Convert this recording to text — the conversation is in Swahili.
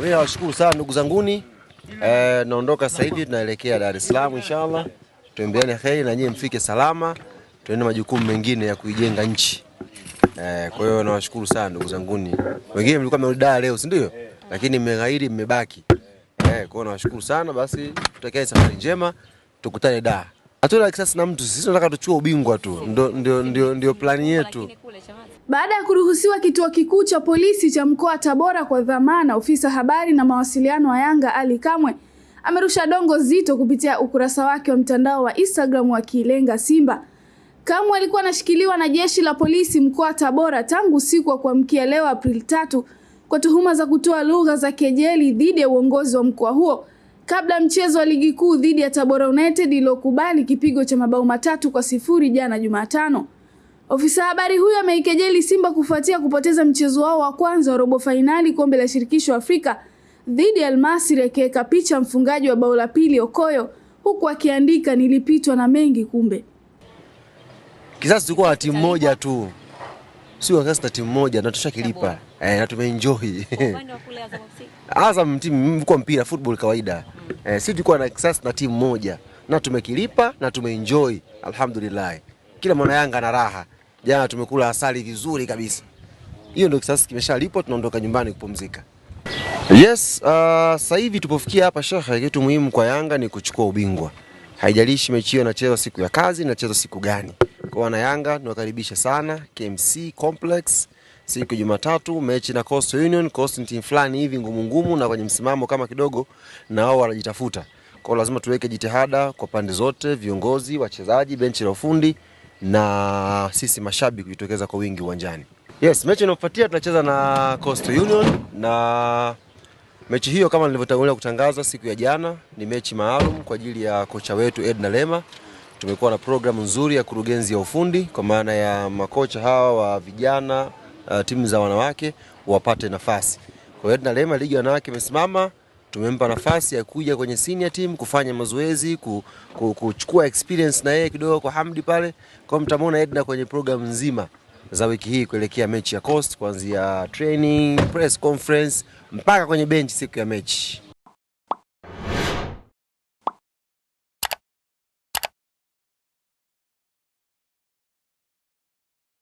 Mimi nawashukuru sana ndugu zanguni. Eh, naondoka sasa hivi tunaelekea Dar es Salaam inshallah. Tuombeane heri na nyie mfike salama, tuende majukumu mengine ya kuijenga nchi. Eh, kwa hiyo nawashukuru sana ndugu zanguni. Wengine mlikuwa mmerudia leo, si ndio? Lakini mmeghairi mmebaki. Eh, kwa hiyo nawashukuru sana basi, tutakae safari njema, tukutane Dar. Hatuna kisasi na mtu, sisi tunataka tuchukue ubingwa tu. Ndio ndio ndio plani yetu. Baada ya kuruhusiwa kituo kikuu cha polisi cha mkoa wa Tabora kwa dhamana, ofisa habari na mawasiliano wa Yanga Ali Kamwe amerusha dongo zito kupitia ukurasa wake wa mtandao wa Instagram wakilenga Simba. Kamwe alikuwa anashikiliwa na jeshi la polisi mkoa wa Tabora tangu usiku wa kuamkia leo Aprili tatu kwa tuhuma za kutoa lugha za kejeli dhidi ya uongozi wa mkoa huo kabla mchezo wa ligi kuu dhidi ya Tabora United iliyokubali kipigo cha mabao matatu kwa sifuri jana Jumatano. Ofisa habari huyo ameikejeli Simba kufuatia kupoteza mchezo wao wa kwanza wa robo fainali kombe la shirikisho Afrika dhidi ya Almasri, akiweka picha mfungaji wa bao la pili Okoyo, huku akiandika nilipitwa na mengi, kumbe kizazi tulikuwa na timu moja tu, sio kisasi na timu moja na tushakilipa eh, na tumeenjoy Azam timu mko mpira football kawaida eh, sisi tulikuwa na kisasi na timu moja na tumekilipa na tumeenjoy, alhamdulillah kila mwana Yanga na raha jana tumekula asali vizuri kabisa. Hiyo ndio kisasi kimeshalipo, tunaondoka nyumbani kupumzika. Yes, uh, sasa hivi tupofikia hapa shekhe, kitu muhimu kwa Yanga ni kuchukua ubingwa. Haijalishi mechi hiyo inachezwa siku ya kazi, inachezwa siku gani. Kwa wana Yanga niwakaribisha sana KMC Complex siku ya Jumatatu mechi na Coastal Union. Coastal ni timu fulani hivi ngumu ngumu na kwenye msimamo kama kidogo, na wao wanajitafuta. Kwa lazima tuweke jitihada kwa pande zote, viongozi, wachezaji, benchi la ufundi na sisi mashabiki kujitokeza kwa wingi uwanjani. Yes, mechi inayofuatia tunacheza na Coastal Union na mechi hiyo kama nilivyotangulia kutangaza siku ya jana ni mechi maalum kwa ajili ya kocha wetu Edna Lema. Tumekuwa na programu nzuri ya kurugenzi ya ufundi kwa maana ya makocha hawa wa vijana, uh, timu za wanawake wapate nafasi. Kwa hiyo Edna Lema ligi wanawake imesimama tumempa nafasi ya kuja kwenye senior team kufanya mazoezi ku, ku, kuchukua experience na yeye kidogo kwa Hamdi pale, kwa mtamwona Edna kwenye program nzima za wiki hii kuelekea mechi ya Coast, kuanzia training, press conference mpaka kwenye benchi siku ya mechi.